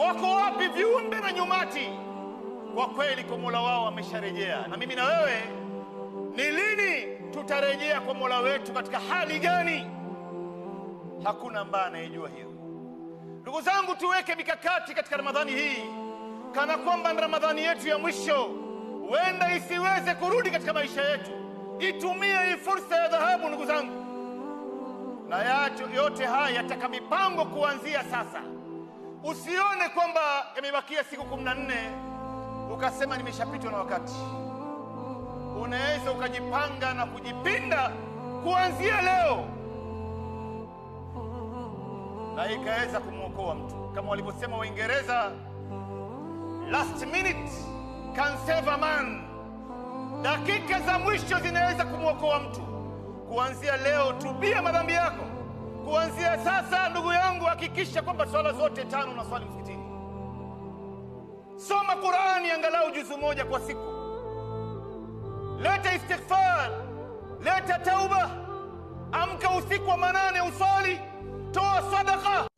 Wako wapi viumbe na nyumati? Kwa kweli kwa Mola wao wamesharejea. Na mimi na wewe, ni lini tutarejea kwa Mola wetu? Katika hali gani? Hakuna ambaye anayejua hiyo. Ndugu zangu, tuweke mikakati katika Ramadhani hii, kana kwamba ni Ramadhani yetu ya mwisho. Huenda isiweze kurudi katika maisha yetu. Itumie hii fursa ya dhahabu, ndugu zangu, na yacho yote haya yataka mipango kuanzia sasa. Usione kwamba imebakia siku kumi na nne ukasema nimeshapitwa na wakati. Unaweza ukajipanga na kujipinda kuanzia leo, na ikaweza kumwokoa mtu, kama walivyosema Waingereza, last minute can save a man, dakika za mwisho zinaweza kumwokoa mtu. Kuanzia leo, tubia madhambi yako kuanzia sasa hakikisha kwamba swala zote tano na swali msikitini. Soma Qurani angalau juzu moja kwa siku, leta istighfar, leta tauba, amka usiku wa manane uswali, toa sadaka.